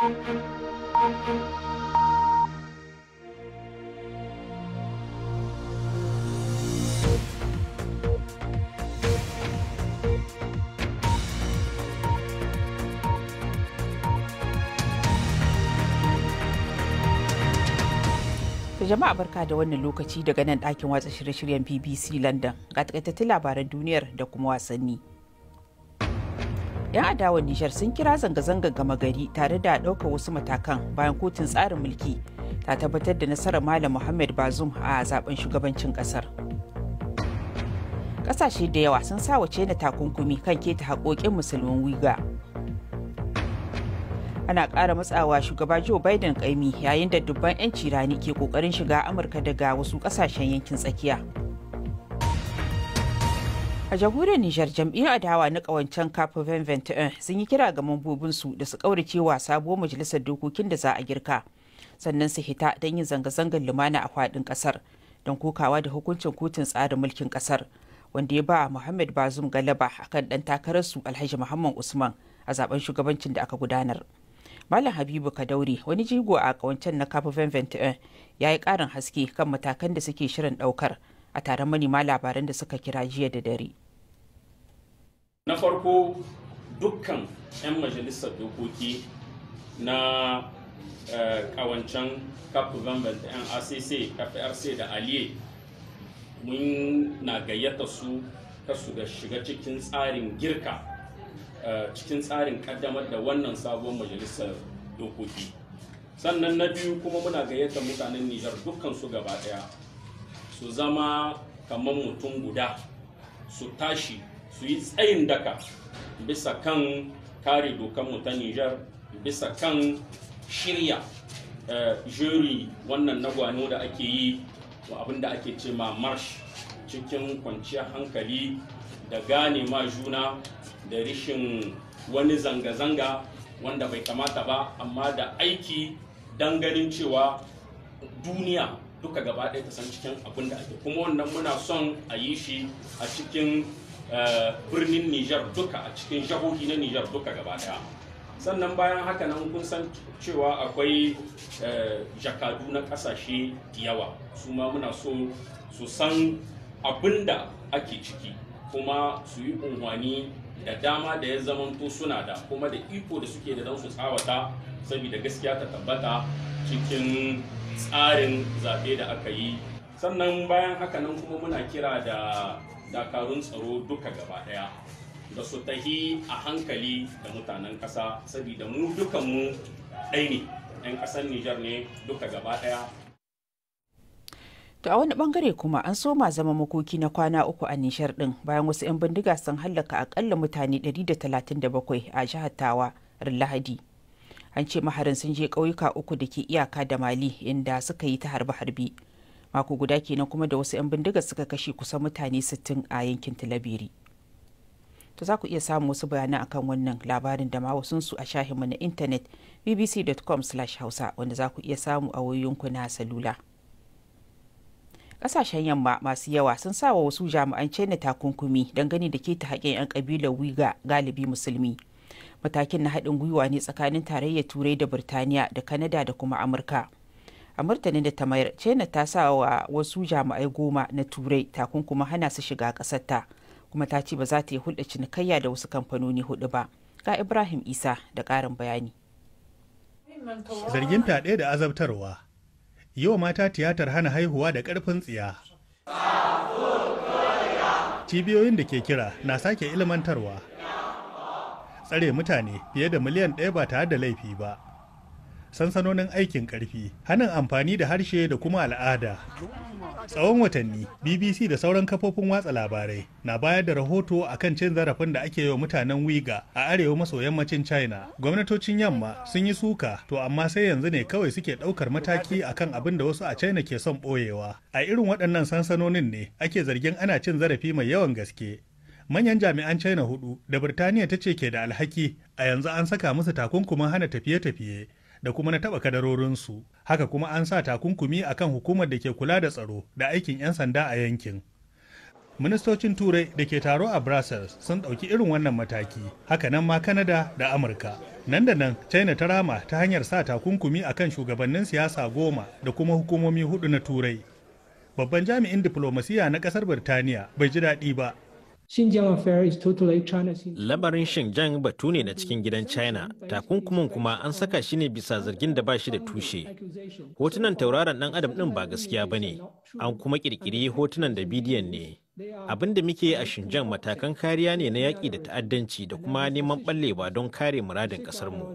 jama'a barka da wannan lokaci daga nan ɗakin watsa shirye-shiryen bbc london ga takaitattun labaran duniyar da kuma wasanni 'yan adawar nijar sun kira zanga-zangar gama gari tare da ɗaukar wasu matakan bayan kotun tsarin mulki ta tabbatar da nasarar malam muhammad bazum a zaben shugabancin kasar kasashe da yawa sun sa wace na takunkumi kan keta haƙoƙin musulmin wiga ana ƙara matsawa shugaba joe biden ƙaimi yayin da dubban 'yanci rani ke ƙoƙarin shiga amurka daga wasu ƙasashen yankin tsakiya a jamhuriyar nijar jam'iyyar adawa na kawancen kafin Venvent sun yi kira ga su da su cewa sabuwar majalisar dokokin da za a girka sannan su hita don yin zanga-zangar lumana a fadin kasar don kokawa da hukuncin kotun tsarin mulkin kasar wanda ya ba muhammad bazum galaba akan dan takararsu alhaji muhammad usman a zaben shugabancin da aka gudanar malam habibu kadauri wani jigo a kawancen na kafin Venvent ya yi karin haske kan matakan da suke shirin daukar a taron manema labaran da suka kira jiya da dare. na farko dukkan 'yan majalisar dokoki na eh, ƙawancen kafuvanban da yan acc da aliye mun na gayyata su kasu da shiga cikin tsarin girka eh, cikin tsarin kaddamar da wannan sabon majalisar dokoki sannan na biyu kuma muna gayyata mutanen nijar dukkan su gaba daya su zama kamar mutum guda su tashi su yi tsayin daka bisa kan kare dokanmu ta Nijar bisa kan shirya eh, jeri wannan nagwano da ake yi wa abin da ake ce ma marsh cikin kwanciyar hankali da gane ma juna da rishin wani zanga-zanga wanda bai kamata ba amma da aiki don ganin cewa duniya duka gaba ɗaya ta san cikin abin da ake kuma wannan muna son a yi shi a cikin Eh, birnin Nijar duka a cikin jahohi na Nijar duka gaba daya sannan bayan haka nan kun san cewa akwai eh, jakadu na kasashe yawa su ma muna so su san abin da ake ciki kuma su yi unhwani da dama da ya zamanto suna da kuma da iko da suke da don su tsawata saboda gaskiya ta tabbata cikin tsarin zaɓe da aka yi sannan bayan haka nan kuma muna kira da dakarun tsaro duka gaba daya da su tahi a hankali da mutanen ƙasa saboda mu dukanmu ɗai ne 'yan ƙasar Nijar ne duka gaba daya To a wani bangare kuma an soma zama makoki na kwana uku a nishar din bayan wasu 'yan bindiga sun hallaka akalla mutane 137 a jihar Tawa ran Lahadi. An ce maharin sun je ƙauyuka uku da ke iyaka da Mali inda suka yi ta harbe-harbe. mako guda kenan kuma da wasu 'yan bindiga suka kashe kusan mutane 60 a yankin talabiri to za ku iya samun wasu bayanan akan wannan labarin da ma wasunsu a shahinmu na intanet bbc.com hausa wanda za ku iya samu a wayoyinku na salula kasashen yamma masu yawa sun sawa wasu jami'an china takunkumi dangane da keta haƙƙin 'yan ƙabilar wiga galibi musulmi matakin na haɗin gwiwa ne tsakanin tarayyar turai da birtaniya da kanada da kuma amurka a martanin da ta mayar china ta sa wa wasu jami'ai goma na turai takunkuma hana su shiga ƙasarta kuma ta ce ba za ta yi hulɗa cinikayya da wasu kamfanoni hudu ba ga ibrahim isa da ƙarin bayani zargin fyaɗe da azabtarwa yiwa mata tiyatar hana haihuwa da ƙarfin tsiya cibiyoyin da ke kira na sake ilmantarwa tsare mutane fiye da miliyan ɗaya ba tare da laifi ba sansanonin aikin karfi hanin amfani da harshe da kuma al'ada tsawon watanni bbc da sauran kafofin watsa labarai na bayar da rahoto a kan cin zarafin da ake yi wa mutanen wiga a arewa maso yammacin china gwamnatocin yamma sun yi suka to amma sai yanzu ne kawai suke ɗaukar mataki a kan abin da wasu a china ke son ɓoyewa a irin waɗannan sansanonin ne ake zargin ana cin zarafi mai yawan gaske manyan jami'an china hudu da birtaniya ta ce ke da alhaki a yanzu an saka musu takunkumin hana tafiye-tafiye da kuma na taɓa kadarorinsu haka kuma an sa takunkumi a kan hukumar da ke kula da tsaro da aikin 'yan sanda a yankin ministocin turai da ke taro a brussels sun ɗauki irin wannan mataki haka nan ma Kanada da amurka nan da nan china ta rama ta hanyar sa takunkumi a kan shugabannin siyasa goma da kuma hukumomi hudu na turai babban jami'in diflomasiya na ƙasar birtaniya bai ji daɗi ba Lamarin Xinjiang batu ne na cikin gidan China, takunkumin kuma an saka shi ne bisa zargin da ba shi da tushe. Hotunan tauraron ɗan adam ɗin ba gaskiya ba ne, an kuma ƙirƙiri hotunan da bidiyon ne. Abin da muke a Xinjiang matakan kariya ne na yaƙi da ta'addanci da kuma neman ɓallewa don kare muradin ƙasarmu.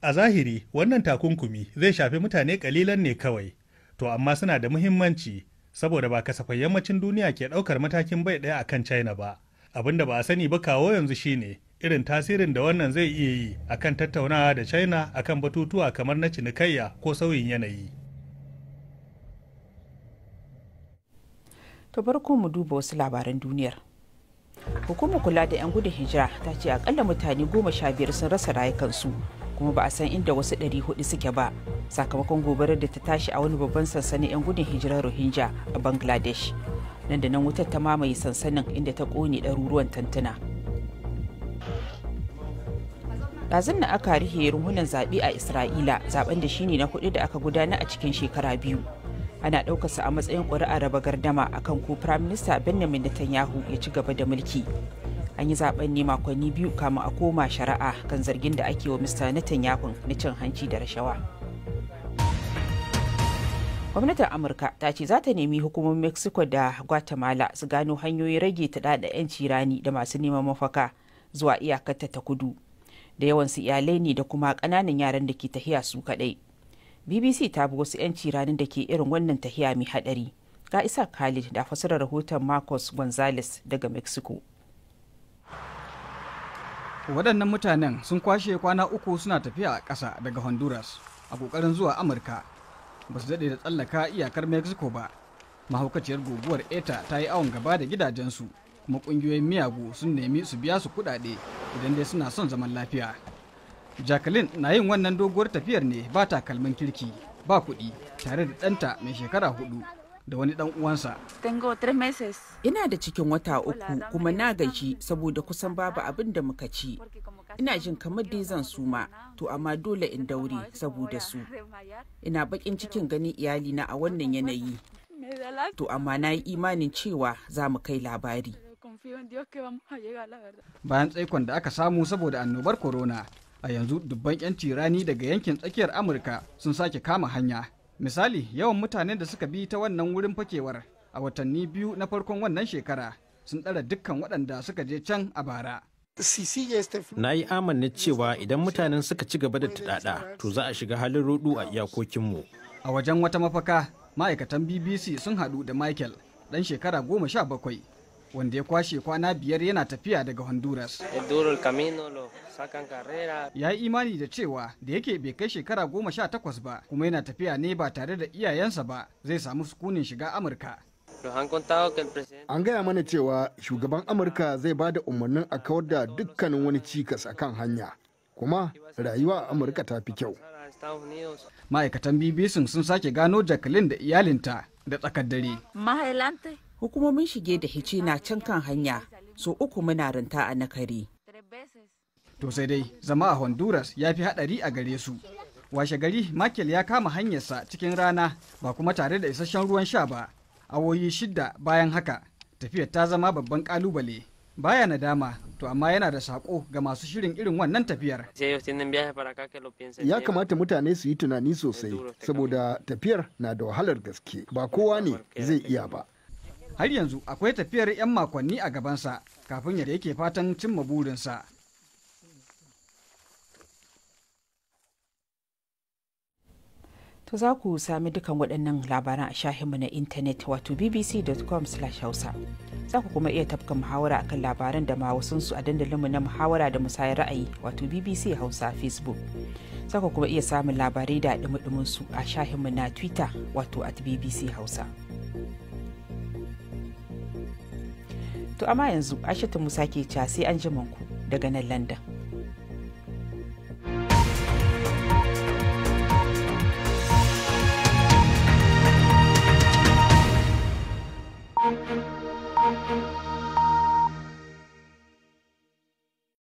A zahiri, wannan takunkumi zai shafi mutane ƙalilan ne kawai, to amma suna da muhimmanci saboda ba kasafai yammacin duniya ke ɗaukar matakin bai ɗaya akan china ba abin da ba a sani ba kawo yanzu shine irin tasirin da wannan zai iya yi akan tattaunawa da china akan batutuwa kamar na cinikayya ko sauyin yanayi to farko mu duba wasu labaran duniyar hukumar kula da 'yan gudun hijira ta ce akalla mutane goma sha biyar sun rasa rayukansu kuma ba a san inda wasu 400 suke ba sakamakon gobarar da ta tashi a wani babban sansanin 'yan gudun hijirar rohingya a bangladesh nan da nan wutar ta mamaye sansanin inda ta kone ɗaruruwan tantana. ɗazun na aka rihe ruhunan zaɓe a isra'ila zaben da shine na kuɗi da aka gudana a cikin shekara biyu ana ɗaukarsa a matsayin ƙuri'a raba gardama akan ko firaminista benjamin netanyahu ya ci gaba da mulki an yi zaben ne makonni biyu kama a koma shari'a kan zargin da ake wa mr netanyahu na cin hanci da rashawa gwamnatin amurka ta ce za ta nemi hukumar mexico da guatemala su gano hanyoyin rage ta da 'yanci rani da masu neman mafaka zuwa iyakarta ta kudu da yawansu iyalai ne da kuma ƙananan yaran da ke tahiya su kaɗai bbc ta bi wasu 'yanci ranar da ke irin wannan tahiya mai haɗari ga isa khalid da fasarar rahoton marcos gonzalez daga mexico waɗannan mutanen sun kwashe kwana uku suna tafiya a ƙasa daga honduras a ƙoƙarin zuwa amurka ba su daɗe da tsallaka iyakar mexico ba mahaukaciyar guguwar eta ta yi awon gaba da gidajensu kuma ƙungiyoyin miyagu sun nemi su biya su kuɗaɗe idan dai suna son zaman lafiya jacqueline na yin wannan doguwar tafiyar ne ba takalmin kirki ba kuɗi tare da ɗanta mai shekara hudu da wani dan uwansa. Ina da cikin wata uku kuma na gaji saboda kusan babu abin da muka ci. Ina jin kamar dai zan suma, to amma dole in daure saboda su. Ina bakin cikin ganin iyalina a wannan yanayi. To amma na yi imanin cewa za mu kai labari. Bayan tsaikon da aka samu saboda annobar corona, a yanzu dubban 'yan tirani daga yankin tsakiyar Amurka sun sake kama hanya. Misali, yawan mutanen da suka bi ta wannan wurin fakewar a watanni biyu na farkon wannan shekara sun ɗara dukkan waɗanda suka je can a bara. Na yi amanna cewa idan mutanen suka ci gaba da tuɗaɗa to za a shiga halin rudu a iyakokinmu. A wajen wata mafaka, ma'aikatan BBC sun haɗu da Michael, ɗan shekara goma sha bakwai, wanda ya kwashe kwana biyar yana tafiya daga honduras ya yi imani da cewa da yake bai kai shekara goma sha takwas ba kuma yana tafiya ne ba tare da iyayensa ba zai samu sukunin shiga amurka An gaya mana cewa shugaban Amurka zai ba da umarnin a kawar da dukkanin wani cikas a kan hanya, kuma rayuwa a Amurka ta fi kyau. Ma'aikatan BBC sun sake gano Jacqueline da iyalinta da tsakar dare. hukumomin shige da hice na can kan hanya so uku muna ranta a nakari to sai dai zama a honduras ya fi hadari a gare su washe gari makel ya kama hanyarsa cikin rana ba kuma tare da isasshen ruwan sha ba awoyi shidda bayan haka tafiyar ta zama babban kalubale baya nadama to amma yana da sako ga masu shirin irin wannan tafiyar ya kamata mutane su yi tunani sosai saboda tafiyar na da wahalar gaske ba kowa ne zai iya ba har yanzu akwai tafiyar 'yan makonni a gabansa kafin yadda yake fatan cimma burinsa. za ku sami dukan waɗannan labaran a shahinmu na intanet wato bbc.com hausa za ku kuma iya tafka muhawara akan labaran da ma su a dandalinmu na muhawara da musayar ra'ayi wato bbc hausa facebook za ku kuma iya samun labarai da ɗumi a shahinmu na twitter wato at bbc hausa. To amma yanzu Aishatu Musa ke ca sai an ku daga nan London.